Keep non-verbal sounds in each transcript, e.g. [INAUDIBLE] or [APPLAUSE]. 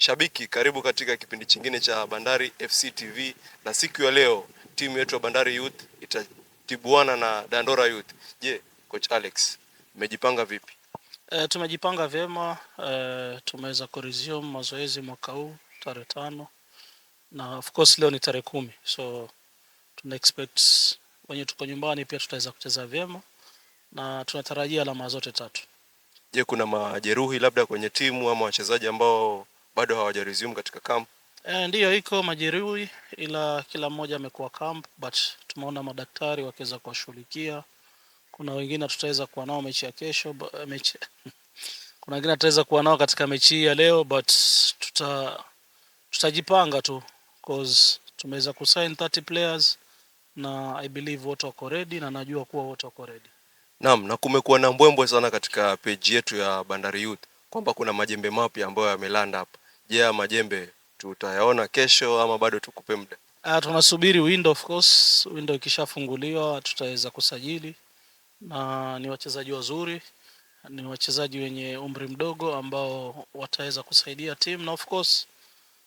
Shabiki, karibu katika kipindi chingine cha Bandari FC TV, na siku ya leo timu yetu ya Bandari Youth itatibuana na Dandora Youth. Je, coach Alex, mmejipanga vipi? E, tumejipanga vyema. E, tumeweza resume mazoezi mwaka huu tarehe tano na of course leo ni tarehe kumi, so tuna expect wenye tuko nyumbani pia tutaweza kucheza vyema na tunatarajia alama zote tatu. Je, kuna majeruhi labda kwenye timu ama wachezaji ambao bado hawaja resume katika camp? Eh, ndiyo iko majeruhi, ila kila mmoja amekuwa camp, but tumeona madaktari wakiweza kuwashughulikia. Kuna wengine tutaweza kuwa nao mechi ya kesho eh, mechi... [LAUGHS] kuna wengine tutaweza kuwa nao katika mechi hii ya leo, but tuta tutajipanga tu cause tumeweza kusign 30 players na I believe wote wako ready na najua kuwa wote wako ready. Naam, na kumekuwa na mbwembwe sana katika peji yetu ya Bandari Youth kwamba kuna majembe mapya ambayo yamelanda hapa. Je, yeah, majembe tutayaona kesho ama bado tukupe muda? Uh, tunasubiri window, of course window ikishafunguliwa tutaweza kusajili, na ni wachezaji wazuri, ni wachezaji wenye umri mdogo ambao wataweza kusaidia team na of course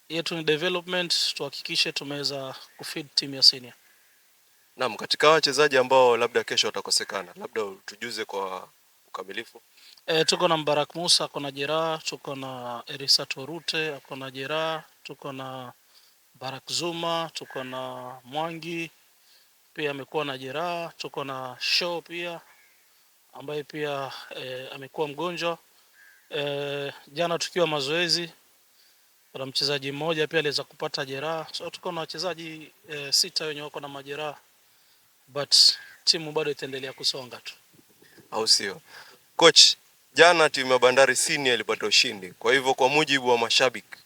yetu ni development, tuhakikishe tumeweza kufeed timu ya senior. Naam, katika wachezaji ambao labda kesho watakosekana, labda tujuze kwa ukamilifu. E, eh, tuko na Mbarak Musa ako na jeraha, tuko na Erisa Torute ako na jeraha, tuko na Barak Zuma, tuko na Mwangi pia amekuwa na jeraha, tuko na Show pia ambaye pia e, amekuwa mgonjwa e, jana tukiwa mazoezi kuna mchezaji mmoja pia aliweza kupata jeraha, so tuko na wachezaji e, sita wenye wako na majeraha, but timu bado itaendelea kusonga tu au sio? Coach, jana timu ya Bandari Senior ilipata ushindi, kwa hivyo kwa mujibu wa mashabiki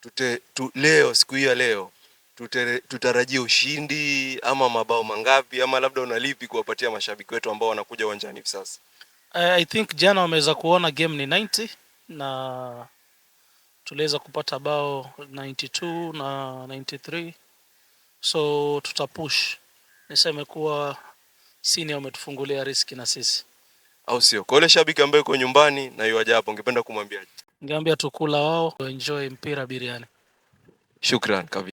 tute, tu, leo siku hii ya leo tutarajia ushindi ama mabao mangapi ama labda unalipi kuwapatia mashabiki wetu ambao wanakuja uwanjani hivi sasa? Eh, I think jana wameweza kuona game ni 90 na tuliweza kupata bao 92 na 93, so tutapush. Niseme kuwa sini umetufungulia riski na sisi, au sio? Kwa ile shabiki ambaye yuko nyumbani na yuaja hapo, ungependa kumwambiaje? Ningeambia tukula wao enjoy mpira biriani. Shukran kabisa.